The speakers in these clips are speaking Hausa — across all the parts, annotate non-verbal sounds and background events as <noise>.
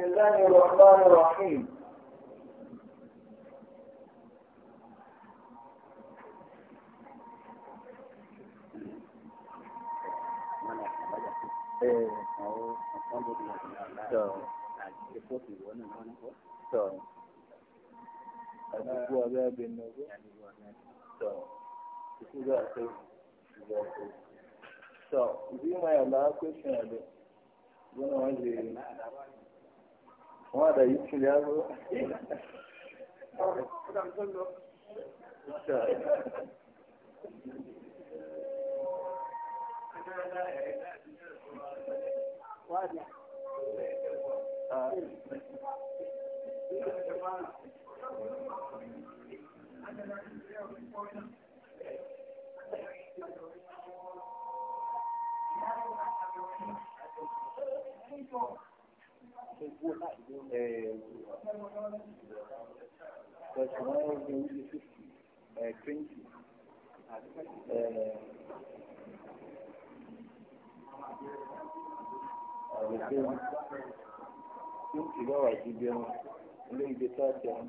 بسم الله الرحمن الرحيم So, is it my last question? I don't know. What are ya Chileano? Thank you. Twenty lọ́wọ́ ìdíje wọn, ilé ìdè tó àjẹ wọn.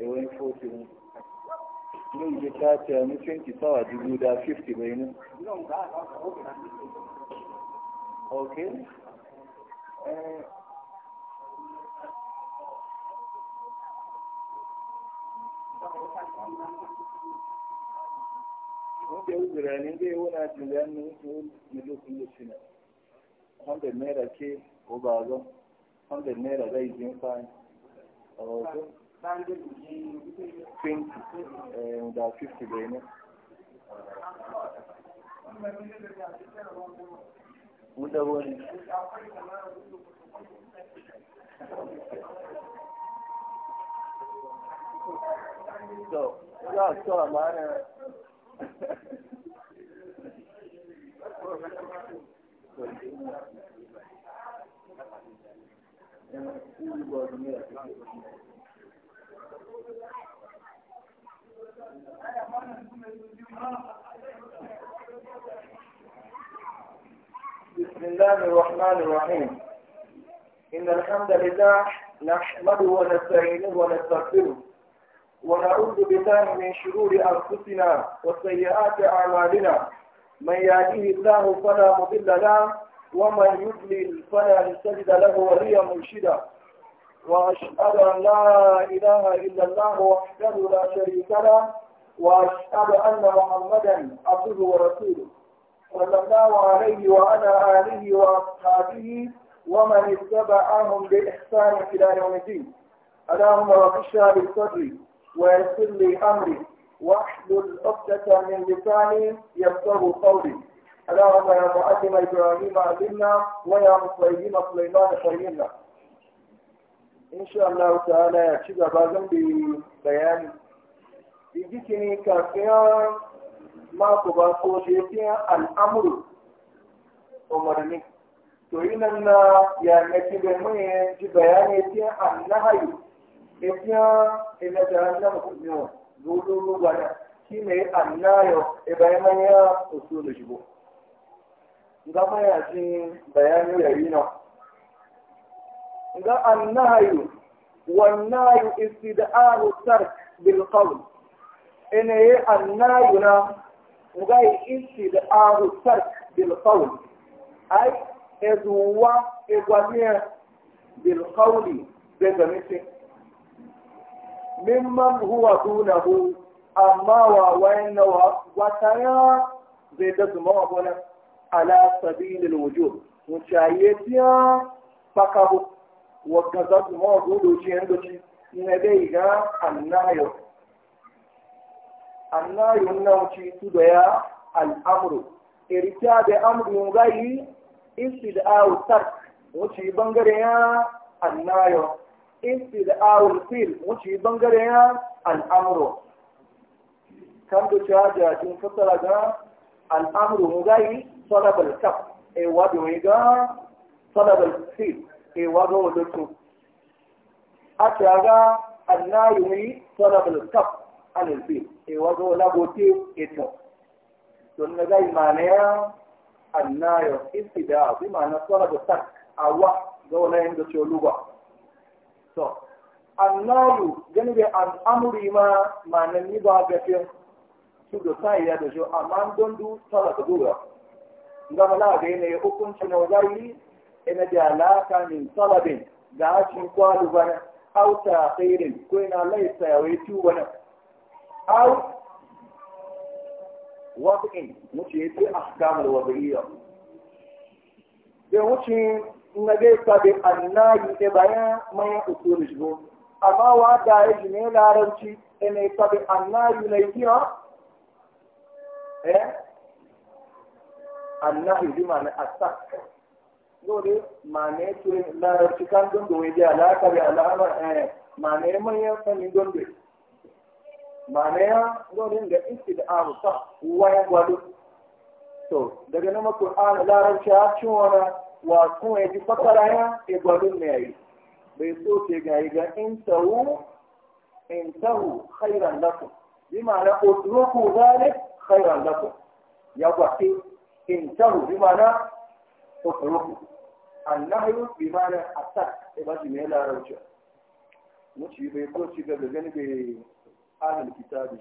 Èwo ní fóòtù wọn? Ilé ìdè tó àjẹ wọn ní twenty sáwà dúdú dá fifty lẹ́yìn náà. Okay. Uh, Wanda ya ne zai wuna tunanin mutu na lokacin da shina. Wanda naira ke ko ba zan, wanda naira zai jin fani. A wasu? Twenty, eh, da fifty bai ne. buɗe wani to za su a mara Thank <laughs> you. بسم الله الرحمن الرحيم إن الحمد لله نحمده ونستعينه ونستغفره ونعوذ بالله من شرور أنفسنا وسيئات أعمالنا من يهده الله فلا مضل له ومن يضلل فلا تجد له وليا مرشدا وأشهد أن لا إله إلا الله وحده لا شريك له وأشهد أن محمدا عبده ورسوله صلى الله عليه وعلى آله وأصحابه ومن اتبعهم بإحسان إلى يوم الدين اللهم رب الشهر لي صدري ويسر لي أمري واحلل عقدة من لساني يسر قولي اللهم يا معلم إبراهيم علمنا ويا مصلحين سليمان فهمنا إن شاء الله تعالى يا شيخ بازم ببيان يجيكني كافيان ma ku ba so shekiyan al'amuru umarni to yi nan na ya na ci bai mai ji bayani tiyan annahayi da e tiyan ina e jahannama ku ne zuwa lugana shi ne annayo e bayan ya usu da shigo gama ya ji bayani ya yi nan ga annahayu والناي استدعاء الترك بالقول إن الناي وغاي استدعاء الترك بالقول اي ادوا إغوانية بالقول بزمته ممن هو دونه اما وين وتيا زيد زمابنا على سبيل الوجود وشايتيا فكبو وكذا زمابنا دوشين دوشين نديها النهي anna yunna yunnauci al al'amru irita da amru gai au tak wuce bangare ya annayo au fil uchi bangare ya al'amru kan da ja tin fasara ga ngai gai bal kaf e wado ga bal fil e wado ga a caga annayo bal kaf al fil ewazo gote ito don na ga imanaya annayo istida bi ma'ana sala da tak awa ga wala yin da choluba to annayu gani da amuri ma ma'anan ni ba ga fiye su da sa ya da jo amma don du sala da dura ga mala ga ne hukunci na wazari ina da alaka min salabin ga cin kwalu bana auta khairin ko ina laisa yawai tu bana أو وضعي مشي في أحكام الوضعية بمشي نجي سابق الناجي إبايا ما يأصول جبو أما وعدا يجني لارمشي إن سابق الناجي ليكيها إيه النهي بمعنى السكر dole mane turin larabci kan don da wajen alaka da al'amar mane manyan sanin don da ma'ana ya zonin da aru ta wani gwado to daga nama qur'ani larabci ya cin wa kuma ya ji fakara ya ke gwadon ne yi bai so ce ga yi ga in tawo in tawo khairan lakum bi ma'ana udruku zalik khairan lakum ya gwati in tawo bi ma'ana udruku annahyu bi ma'ana asak e ne larabci mu ci bai so ci ga gani bai آل الكتاب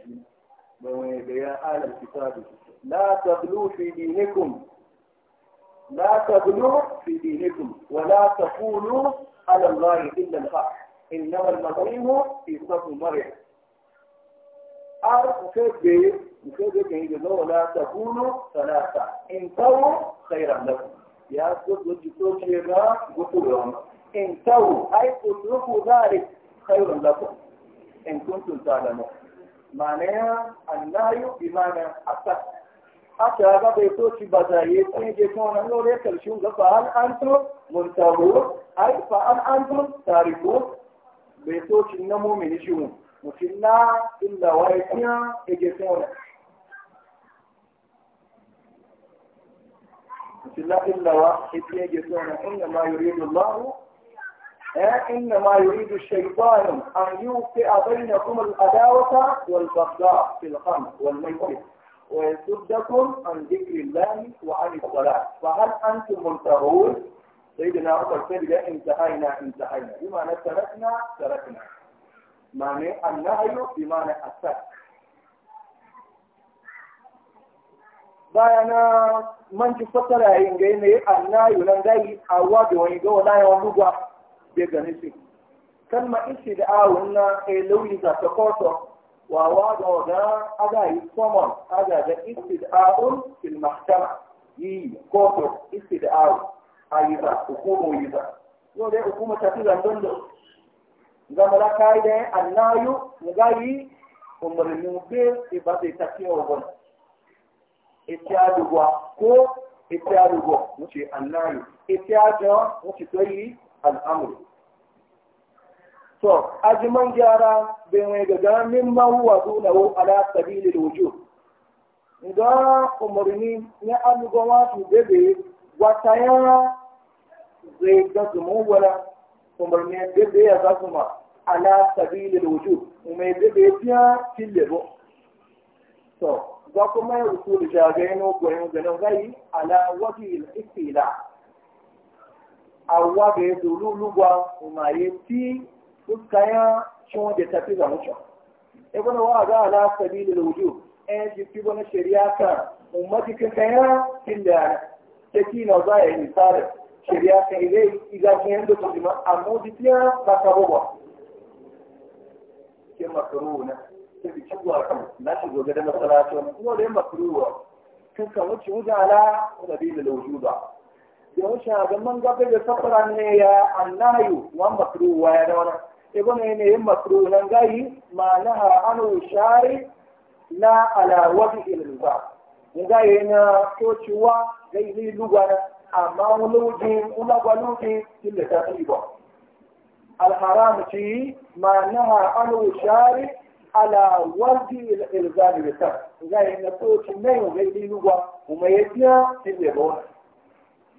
يا آل الكتاب لا تغلوا في دينكم لا تغلوا في دينكم ولا تقولوا على الله إلا الحق إنما المظلم في صف مريم أعرف مكذب مكذب يقول لا تكونوا ثلاثة انتوا خيرا لكم يا سيد وجدتوا شيئا قلتوا لهم انتوا أي اتركوا ذلك خيرا لكم إن كنتم تعلمون معناها النهي بمعنى أكثر حتى هذا بيتو بيتوش بداية تيجي كون أنه ليك الشيء فهل أنتم منتظرون أي فهل أنتم تعرفون في النمو من الشيء وكنا إلا ويتنا تيجي كون وكنا إلا ويتنا يجي كون إنما يريد الله إنما يريد الشيطان أن يوقع بينكم الأداوة والبغضاء في الخمر والميت ويصدكم عن ذكر الله وعن الصلاة فهل أنتم منتهون؟ سيدنا أبو قال انتهينا انتهينا بمعنى تركنا تركنا معنى النهي بمعنى الترك bayana man fatara yin ga yin annayu dai awwa da wani ga be gani shi kalma ishi da awon na e eh, lauyi za ta koto wa wa da ga aga yi common aga ga ishi da awon fil mahkama yi koto ishi da awon a yi za hukumo yi za yau dai hukuma ta fi zandon da zama da kai da annayu mu ga yi umarnin be e ba zai tafiya wa gwamnati ìtìádùgbà kó ìtìádùgbà wọ́n ṣe ànáyì ìtìájọ́ wọ́n ṣe tó yìí Al'amu. to ajiman gyara bai mai gaga min ma huwa dunahu ala sabilil wujub ga umarni na alugawa su bebe wata yana zai ga zumun wala umarni bebe ya za su ma ala sabili da wuju mai bebe fiya cille bo to za kuma yi usul jagayen ogoyin ganin ala wajen awa ga yadda lulugwa ma ya ti fuskaya cin da tafi ga mutum ibn e wa ga ala sabilil wujub eh ji ti bona shari'a ka ummati ka kaya kin da take na za ya yi misali shari'a ka ile iga kin da to ma amma ji ti ba ka boba ke makaruna ke bi ciwa kan na shi goga da masalatu ko da makaruna kan kan wuce wujala sabilil ba. yausha ga man gaba da safara ne ya annayu wa makru wa ya dawana ego ne ne yin makru nan gayi ma naha anu shari na ala wadi ilba nga yana tociwa gai ni lugana amma wuluji ulagwa luji illa ta tibo الحرام na ما نهى عنه الشارع على ورد الإلزام بالسبب. إذا نقول شيء ما يغير لغة وما يدنا في ba.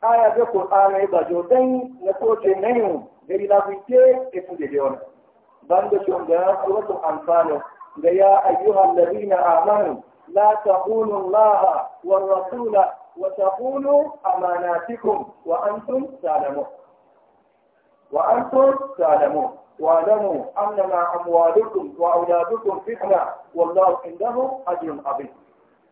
aya bɛ qur'ana ye bajo dai na ko ce nayu gari la ku ke e fu de yon bando shon da suratu anfal da ya ayyuha alladhina amanu la taqulu Laha wa rasula wa taqulu amanatikum wa antum Salamu wa antum ta'lamun واعلموا انما اموالكم واولادكم فتنه والله عنده اجر عظيم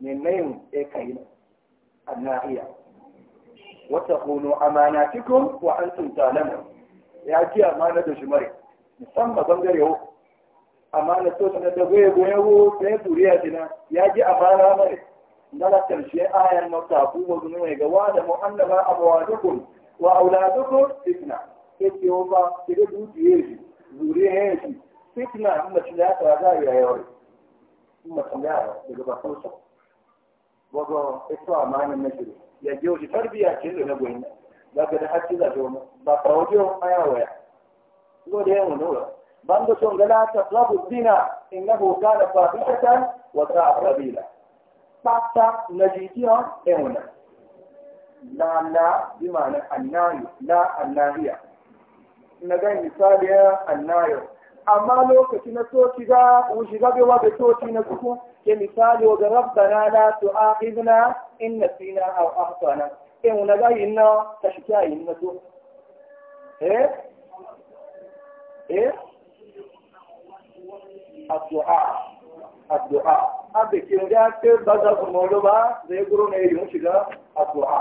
من مين إكاين الناهية وتخونوا أماناتكم وأنتم تعلمون يا جي أمانة جمري نسمى بنجر يهو أمانة توسنا تغوي بيهو تيدوريا جنا يا جي أمانة مري نلا تمشي آية المتابو وزنوه قواد مؤنما أموالكم وأولادكم إثناء إتيوبا تغدو تيجي zuriya yanki sai tuna mace da ya tsara za a yi rayuwar mace da ya daga bakansa wago ito na mejuru ya je uji tarbiya da na gwenye daga da hakki da jono ba waya. pawojo nura Ban da son gana ta taqrabu zina innahu kana fahishatan wa sa'a a pata najitiya na la la bimana Na na, annahiya na gan misaliya annayi amma lokaci na soci ga uji gabewa da soci na suku ke misali wa rabbana la tu'akhidna in nasina aw akhtana in wala ga inna ka shika inna to eh eh addu'a addu'a abe ke ga ke baza ko modo ba zai guru ne yin shiga addu'a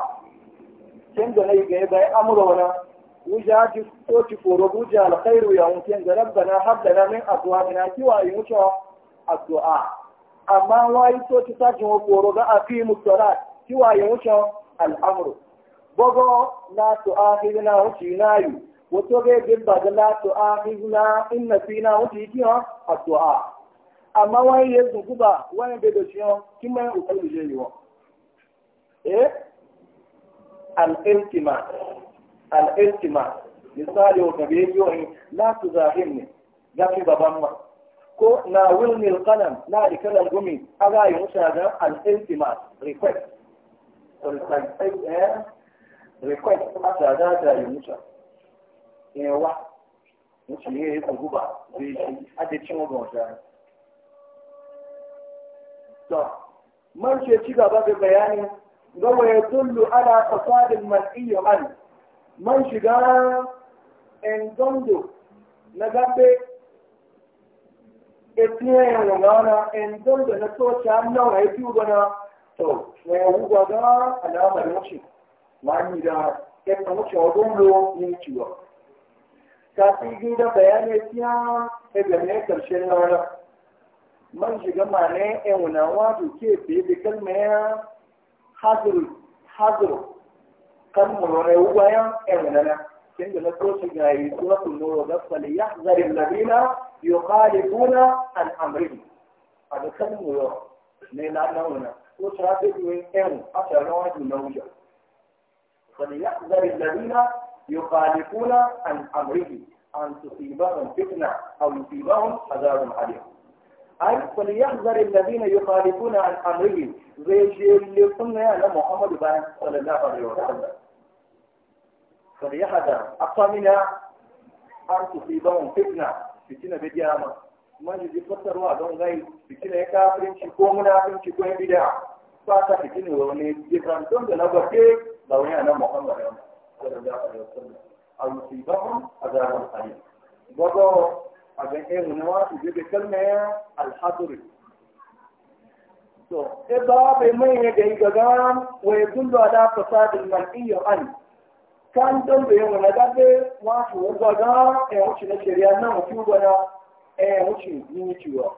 kin da ne ga bai amuro wala wuja ji ko ci foro alkhairu ya mutin da rabbana habdana min adwa bina kiwa yin addu'a amma wayi so ti sakin wa koro ga aqimu salat ki waye na al'amru bogo la tu'akhidna wuce nayu wato ga yin ba da la tu'akhidna inna fina wuce ki ha addu'a amma wayi ya zugu wayi shi ha kin mai usul je eh al-iltima al misali kabe yo la ko na wilmil qalam na rikalar gumi aga yi musa ga al-intimat request eh, request a tsada da yi musa yawa musu ne ya yi guba zai shi ake cin wani wata to man ce ci gaba da bayani gawa ya tullu ala fasadin mas'iyyu an man shiga endondo na gabe etinye wangana en don da na toci an nan a biyu gana to na yawu gwaga alamar wuce ma ni da ya kan wuce wa gombo yin ciwa ta fi gida bayanai fiya ta gane karshen rana man shiga ma ne en wunawa da ke fiye da kalmaya hazuru hazuru kan mu ne wuwayan en wunana كنت نقول في سورة النور ليحذر الذين يخالفون عن أمرهم هذا كلمة يوم نيلا نونا وشرابك من أم أشهر نوعك من نوجة فليحذر الذين يخالفون عن أمرهم أن تصيبهم فتنة أو يصيبهم عذاب عليهم أي فليحذر الذين يخالفون عن أمرهم زي اللي قلنا على محمد بن صلى الله عليه وسلم فليحذر أقصى منها أن تصيبهم فتنة فتنة بديامة من يجي فسروا دون غير فتنة كافرين شكو منافين شكو بدع فاتا فتنة وني جبران دون دون أبكي لو أنا محمد صلى الله عليه وسلم أو يصيبهم عذاب قليل برضو أجل إيه هنا يجيب كلمة الحضر إضراب من يجي جدام ويدل على فساد المنئي عنه kanton da yawa na gabe wato wanda ga e wuce na shari'a na mutum gwana e wuce yin ciwa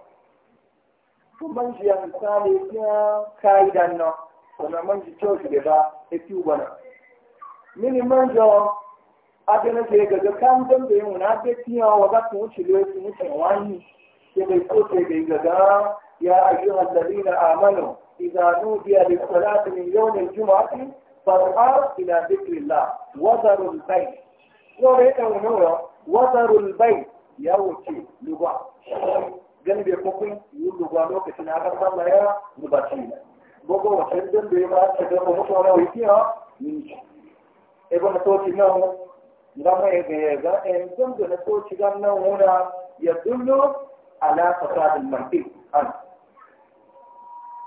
to man ji ya misali ya kai dan na kuma man ji to shi ba e ci gwana mini man jo adana je ga kan kanton da yawa na be tiya wa ba su wuce le su wuce wani ke bai ko sai ga ga ya ayyuhal ladina amanu idza nudiya lis salati min yawm al-jum'ati فالأرض إلى ذكر الله وذر البيت وريت ونورا وذر البيت يوتي لغة جنب يقوم يقول لغة لوك سنعك الله يا مباشرين بقى وشدن بيبا شدن ومشورا ويكيها نيجي ابن توتي نوم لما يجيزا ان كنت نتوتي نوم هنا يدل على فساد المنطق أنت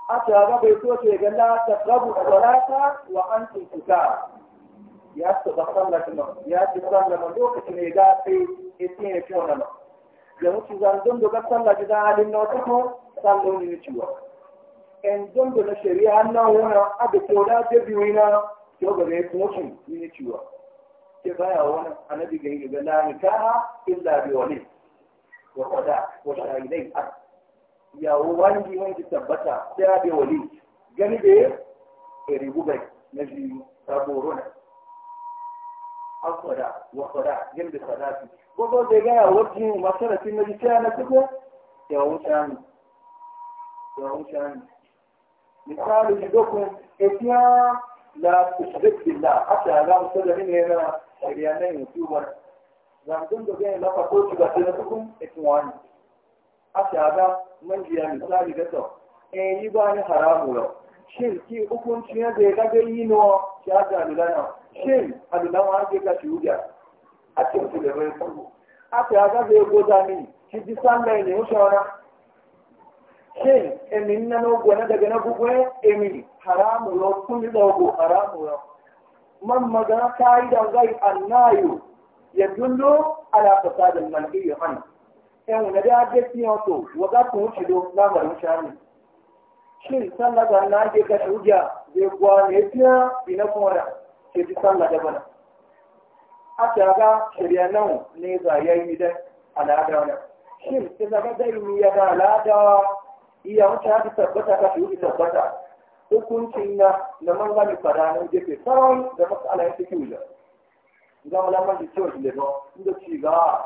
aka ga bai so ce ga la da salata wa antum sukar ya su da sallar nan, ya ci nan, lokacin ne ga sai ita ne ce nan. ya mutu zan don da sallar da halin na wata ko sallar ne ciwa en don da shari'a na wannan abu ko da ta biyu na to ga ne mutum ne ciwa ke baya wani anabi ga yi ga na nikaha illa bi wali wa qada wa shahidai jawo wani wani tabbata sai a bai wali gani da ya rigu bai na shi saboro na akwada wakwada gani da sadaki ko da gaya wajen masarafin na jikiya na kuka yawon shani yawon shani misali jidokun etiya la tushrik billah hata la musalla minne na shari'a nan youtuber zan dun da gani lafa ko shiga sai na kuka etiwani hata ga man jiya misali ga to eh yi ba ni haramu yau shin ki hukunci ya zai ga ga yi no ya ga lana shin adulan wa ke ka shuda a cikin su da bai sabu a ta ga zai goza ni ki ji sallai ne shawara shin emin na no gona daga na gugwe emin haramu yau kun da go haramu yau man magana yi da gai annayu yadullu ala fasadil manhi anhu yan na da ga fi so wa za ku wuce don lamarin shani shin sallah ga na ke ga shuja zai kuwa ne fiya ina kuma da ke ji sallah da bana a shaga shirya nan ne za ya yi da al'ada wani shin ta zama zai yi ya da al'ada iya wuce haka tabbata ka shi tabbata hukuncin na na mangani fada na gefe sarai da masu alayin cikin wuja. Zama lamar da cewa shi da don inda ci ga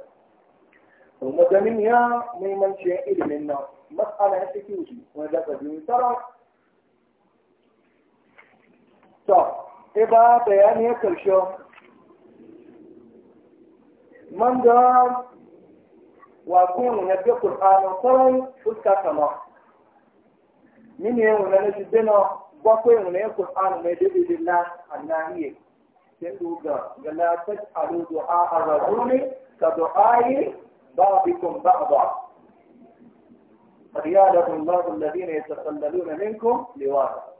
kuma ganin ya muhimmancin ilimin nan matsala ya take wuce wani daga biyu tara to e ba bayani ya karshe man ga wa kun ya ga qur'ani sarai fuska kama min ne wala ne dena ba ko ne qur'ani mai dade dinna annahiye sai duga ga la tasalu du'a ar-rajuli ka du'a'i بعضكم بعضا فليعلم الله الذين يتسللون منكم لواء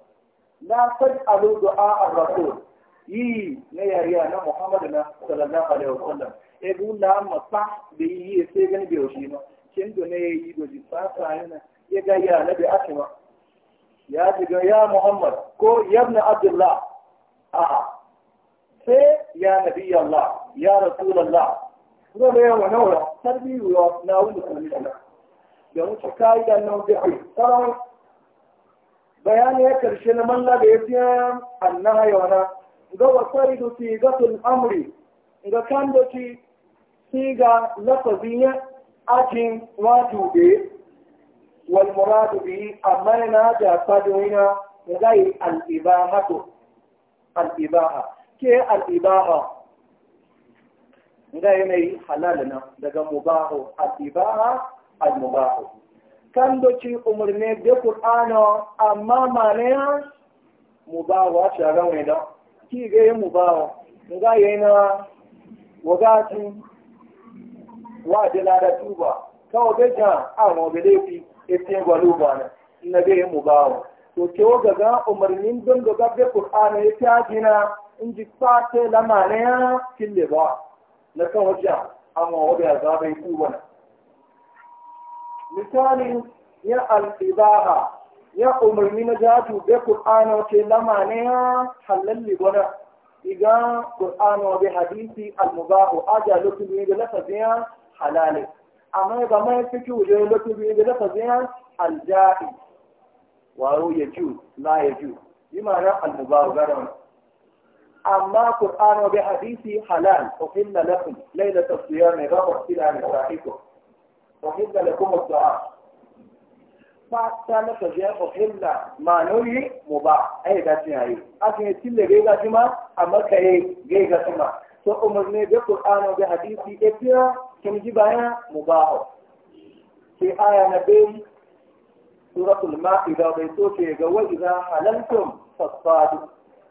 لا تجعلوا دعاء الرسول يي نيريانا محمد صلى الله عليه وسلم يقول لا مصح بيي سيغن بيوشينا كندو نيي صاحا هنا يغا يا نبي أكما يا جيغا يا محمد كو يا ابن عبد الله آه سي يا نبي الله يا رسول الله zai wa nawa tarbiyu ya na wani kalmita da ya wuce ka'idan nan da tsaron bayani ya karshe na malla da ya fiye annaha yawana ga wasari da fi gatul amri ga kan da ci fi ga lafazin ya ajin wato da wal muradu bi amma yana da fadoina ga yi al-ibaha ke al-ibaha nga yanayi na daga mubahu al-ibaha al-mubahu kan doci umarni da qur'ana amma ya mubahu a shagar wani da ki ga yin mubahu nga yana wagatu wa dila da tuba kawo da jan awon obelefi efe gwaluba na na ga yi mubahu to ke waga ga umarnin don ga gabe qur'ana e ya fi ajina in ji fata ya? kille ba na kan wajen amma wadda zaɓe kowane misalin ya alfibaha ya umarni na jatu da ƙur'ano ce lama ne ya halalli gwada iga ƙur'ano da hadisi almubahu aja lokacin da lafaziya halale amma ba mai fiki wuje lokacin da lafaziya aljai wayo ya ju Na ya ju yi ma'ana almubahu gara wani أما قرآن وبحديث حلال أحل لكم ليلة الصيام غاب إلى نسائكم أحل لكم الطعام فأتانا تجاه أحل ما نوي مباح أي ذاتي هاي أكن يتل غيغا جمع أما كأي غيغا جمع تو أمرني بقرآن وبحديث إبتيا كم جبايا مباح في آية نبي سورة المائدة بيتوتي وإذا حللتم فاصطادوا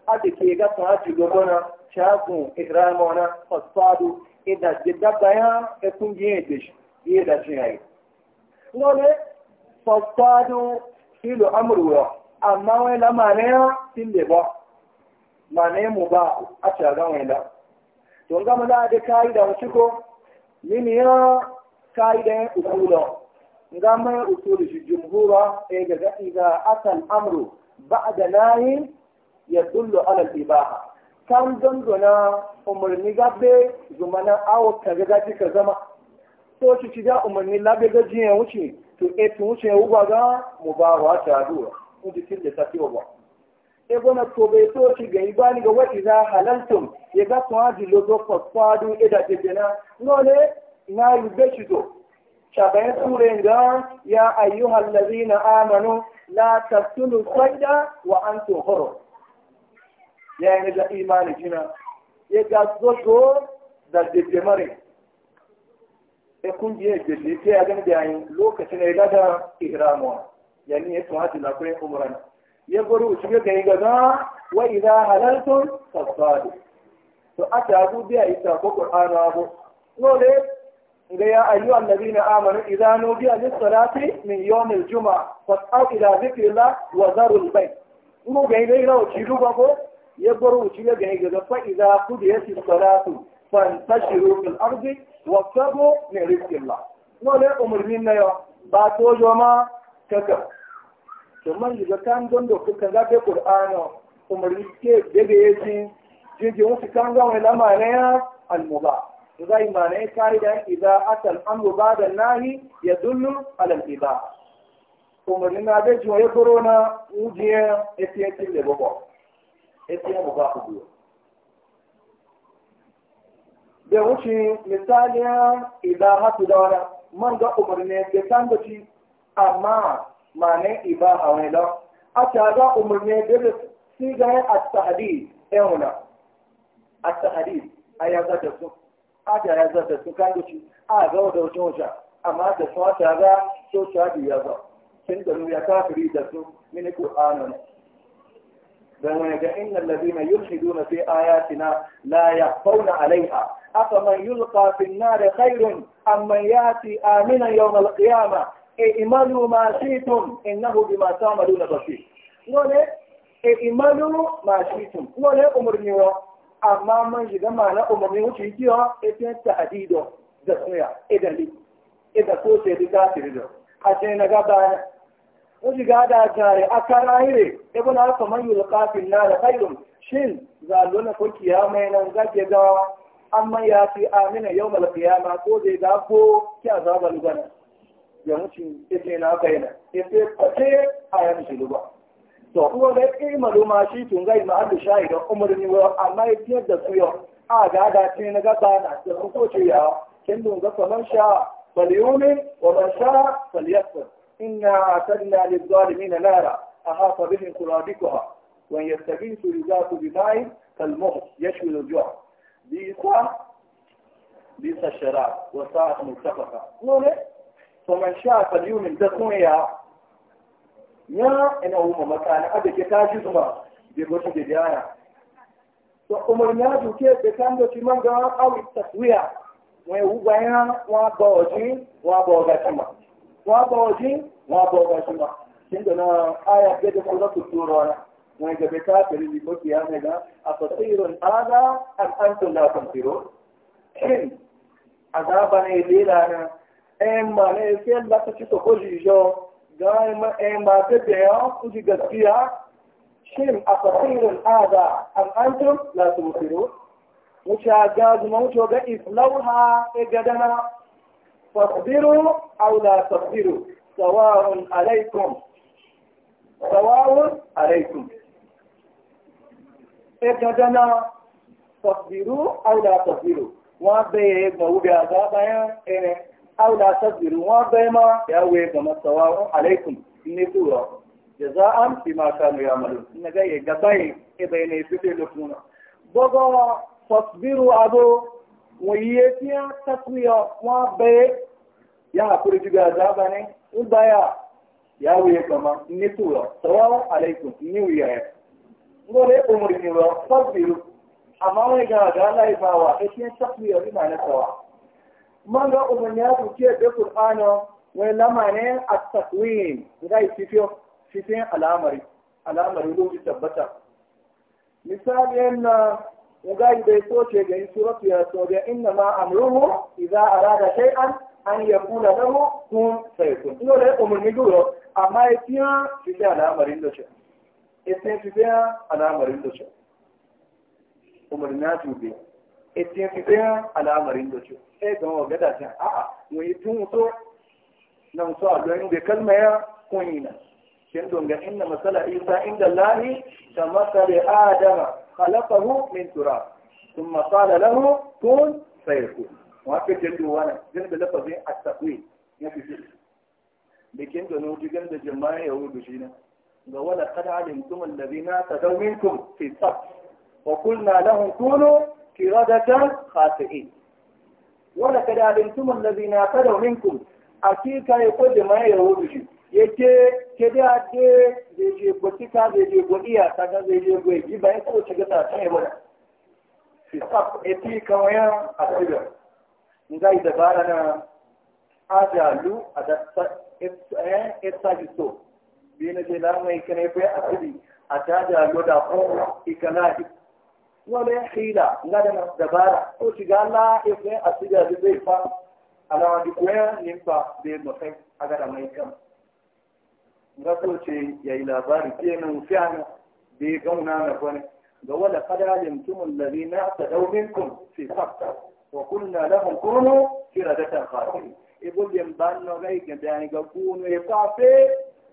ada ke ga ta ji gobona shagun ikrama na fasadu idan jidda bayan e kungiye da shi biye da shi yayi lole fasadu filo amru amma wai la mane tin le ba mane mu ba a ta ga wai la to ga mu da da kai da wuce ko mini ya kai da ukulo ga mai usulu shi jumhura e ga ga iga asal amru ba'da nayin ya dullu alal ibaha kan dangana umarni Zuma na awo kaga gaji ka zama to shi ci da umarni labe ji ya wuce to e tun wuce ya wuga ga mu ba wa ta duwa kun ji tilde ta tiwa ba e gona to bai to shi ga ibani ga wati za halaltum ya ga to hadi lodo fasadu e da tejena ngole na yube shi to shabayin turin ga ya ayyuhal ladina amanu la taftulu sayda wa antum hurum yani da imani jina ya ga zoto da dindimare ya kungiyar jirgin ta ya gani da yayin lokacin ya gada ihramuwa yani ya tuwa jina kuma umuran ya gwaro wuce ya gani gaza wa idan halartun fasfadu to a ta abu biya ita ko ƙur'anu abu dole ga ya ayyu allazina amanu idan nudiya lis-salati min yawm al-jum'a fas'au ila dhikrillah wa zarul bayt mu ga ina ina wuce duba ko يبرو وشيلا جهيجا فإذا قضيت الصلاة فانتشروا في الأرض وابتغوا من رزق الله ولا أمر منا يا باتو جوما كذا ثم إذا كان دندو كذا في القرآن أمر كيف بيجي جيجي وفي كان جوا ما نيا المبا إذا ما نيا كايدا إذا أتى الأمر بعد الناهي يدل على الإباحة أمر منا بيجي ويبرونا وجيه إتيتي لبوبو ya mubahu biyu da wuce misaliya idan hatu da man ga umarni da san da ci ma ne iba a wani lau a i ga umarni da da a tahadi ehuna a a ya zata a a ga wata wajen amma so ta biya ba kin da ya kafiri da su mini ذلك إن الذين يلحدون في آياتنا لا يخفون عليها أفمن يلقى في النار خير أم من يأتي آمنا يوم القيامة إيمانوا ما شئتم إنه بما تعملون بصير نولي إيمانوا ما شئتم نولي أمرني أما من جد ما لا أمرني وشيتيها إذن تحديده دسمية إذن لي إذا كنت يدكاتر له عشان نقابل Wasu gada tare a karayire, ibi na haka man kafin na da kairun, shin zalo na ko mai nan zage ga an ya fi amina yau ya ma ko zai ga ko a zaba lugana. Ya mutu ita na kai na, ita kwace a yan shi luba. To, kuma ga imalu ma shi tun zai sha idan umarni wa amma ya fiye da su yau. A gada ce na gaba na, da kuma ko ce ya, kin dunga kamar sha, faliyomin wa ban sha, faliyasar. إنا أعتدنا للظالمين نارا أحاط بهم قرابكها وإن يستغيثوا يغاثوا بماء كالمهر يشمل الجوع بئس بئس الشراب وساءت مرتفقة نقول إيه؟ فمن شاء فليوم تكون يا يا إن أم مكان أبي كتاج زما بيقول شديد يعني كيف دوكي بكامل تمام أو التسوية وين هو ويوبايا وابوجين وابوغاتما wọ́n bọ̀ ojú wọ́n bọ̀ ọgbà ṣùgbọ́n nígbà náà ayà gẹ́gẹ́ fún lọ́kùn tó rọ ọ́nà wọ́n gẹ̀gẹ́ káàkiri ní bó ti yá mẹ́gà àtọ̀tí ìrọ̀n àádá àtàntò láàkùn tìró. àdáàbà ní ilé ìlànà ẹ̀ mà ní ko láti ṣe sọ́kó yíyọ gan ẹ̀ mà bẹ̀bẹ̀ ọ́ kú ti gàdúyà. shin àtọ̀tí an àádá àtàntò láàkùn mu mo ṣe àgáàdùmọ̀ mo ṣe ọgá ìfúláwù ha فاصبروا أو لا تصبروا سواء عليكم سواء عليكم إجدنا تصبروا أو لا تصبروا وان بيه يجمعوا بعذابا يعني أو لا تصبروا وان بيه ما يأوي كما سواء عليكم إني سورة جزاء بما كانوا يعملون إن جاي جبين إبين يفتح لكم بغا تصبروا أبو wọ̀nyíye tí wọ́n tẹ́kùnyọ wọ́n bẹ́ yá àkúrò ju bí ga yaga idan ya soke ga suratu ya soke inna ma amruhu idza arada shay'an an yakuna lahu kun sayakun ino da umurni duro amma ya fi fiya al'amarin da shi ya fi fiya al'amarin da shi umarni na tube ya fi fiya gada ta a'a mun yi tun so na so a don da kalma ya kun yi na. Kin don ga inna masala isa inda lahi ta masare adama خلقه من تراب ثم قال له كن فيكون وهكذا جندو وانا جنب لفظ التقويم يفي جلد لكن دنو جند جماعة يهود جينا ولقد علمتم الذين اعتدوا منكم في الصف وقلنا لهم كونوا كرادة خاسئين ولقد علمتم الذين اعتدوا منكم أكيد كان يقول جماعة يهود جينا yake ke da ke zai je gwatika zai je gwadiya ta zai je gwai ba ya kawo ci gata ta yi mana fisaf epi kawayan asirin ngai dabara na ajalu a da etsaji so biyu na jela mai kana bai asiri a jajalu da kuma ikanadi wani hila nga da dabara ko shiga la efe asiri a zai fa alawa duk wani nimfa bai mafi a gada mai kama نقولتي يا إلى بارتين وفعنا بيقونا نقول قولا قد علمتم الذين اعتدوا منكم في خطة وقلنا لهم كونوا فردة خارجين يقول لهم بانو غيك يعني قبونوا يقافي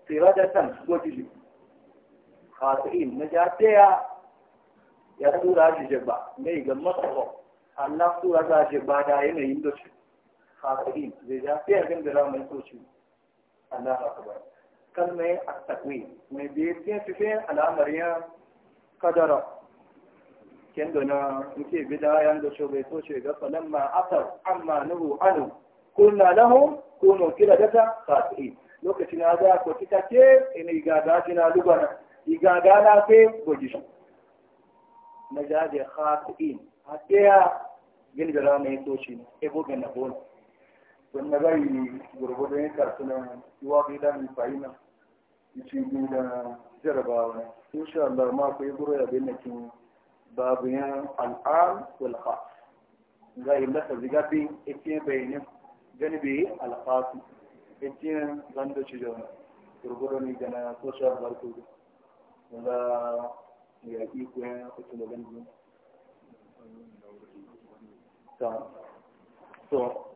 فردة قتلي خاطئين نجاتيا يا سورة جبا ميقى مطلق الله سورة جبا دائما يندوش خاطئين نجاتيا كن درام الله أكبر kalmai a mai biye fife al'amariya kadara kendo na nke bidaya da so bai so shi ga falan ma asar amma nuhu anu kunna lahum kunu kila data fasihi lokacin ya za ko kita ina igaga jina lugana igaga na ke goji na jaje khasihin hakiya gilgira mai toci ebo ga na bona don na gari gurgudun kartunan iwa bidan fahimta cikin na jarabawa insha Allah ma akwai buru ya bin nakin babu yan al'am wal khas ga illa ka ziga bin ikin bayanin ganibe al khas ikin zando ci jona gurguru ni gana social barku da ya yi ko ya kuta da ganibe ta so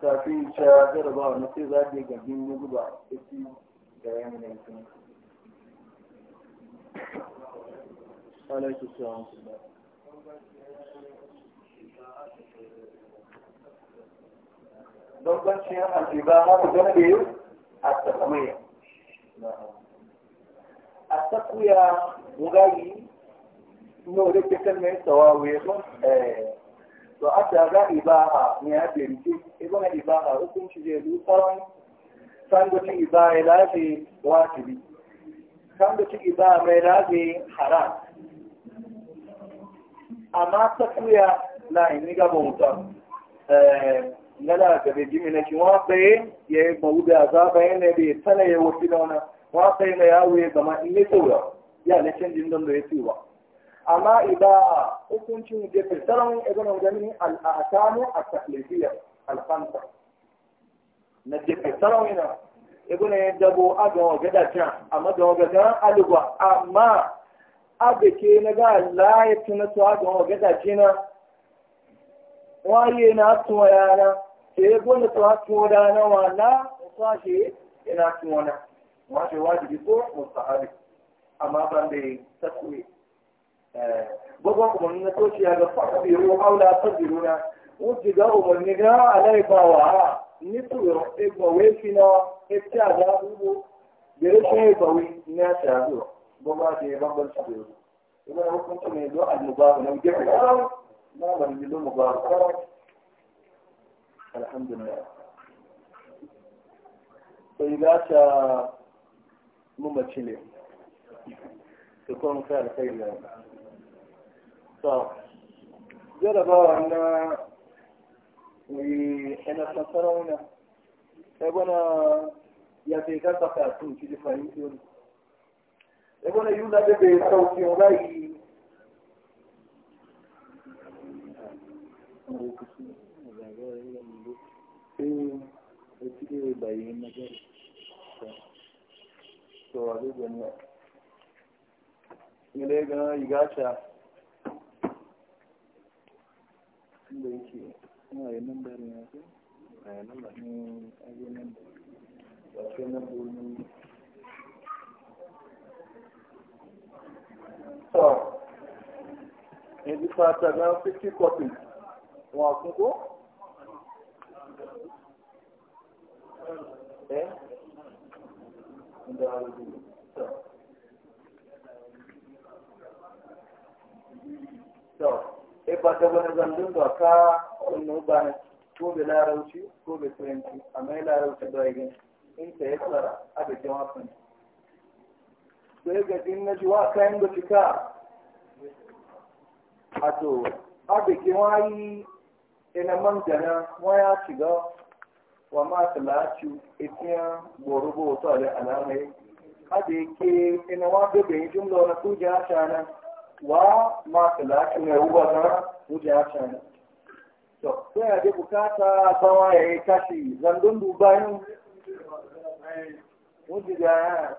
kafin sha jarabawa na sai za ka ga bin guba ikin Aleyküm selam. Bambancin magana da yau a tsakamaya. A tsakuya wurari ne wadda ke kan mai tsawawa ya zon to a tsaga ibara ne hukunci zai zuwa ciki iza ya lafi wajibi sangoci iza mai lafi haram amma tafiya na ini gaba wuta ngala gabe jimi na shi wa ya yi mawu da za baye ne bai tana ya wasu da wani wa baye na yawo ya zama in ya tsaura ya na canjin don da ya tsiwa amma a hukuncin da fitarun ibn al-ahkamu a taklifiyya al-khamsa na jefe sarawina ibuna ya dabo agawa ga dacha amma da waga ga aluwa amma abike na ga Allah na tuna to agawa ga dace na waye na tuwa yana sai gona to tuwa da na wala kwashi ina tuwa na wace wajibi ko mustahabi amma ban da takwi eh gogo na ni ya shi ga fa biyo aula tadiruna wuce ga umarni ga alaibawa nítorí egbọ̀wé fina etí àdá wúwo bèrè fún egbọ̀wé ní àṣà àdúrà bó bá di ẹ̀rọ bọ́ sí ìlú. ìwé ẹ̀rọ kún tó ní ìlú àdìmọ̀gbà ọ̀nà ìjẹ́ ìlú náà wà ní ìlú mọ̀gbà ọ̀nà. alhamdulillah. فإذا أتى ممثل تكون فعل خير له. جرب أن yanasasara wuna sai gwana ya zai gaba ka sun ci da fahimci wani sai gwana yi na daga ya sauki rayi Ile ga igacha inda yake suna da nan da a yi nan nan da ke nan so fata na 50 copies wa eh so eh, zandun ka na ba ko bai larauci ko be turanci amma ya larauci ba ya in ta ya tsara a da jawabin sai ga din na jiwa cika a to a da kewayi ina waya shiga wa ma talaci ikiya gorubo wato wa bebe kuja wa na kuja to sai da bukata bawa ya yi kashi zandun dubayin wujida ya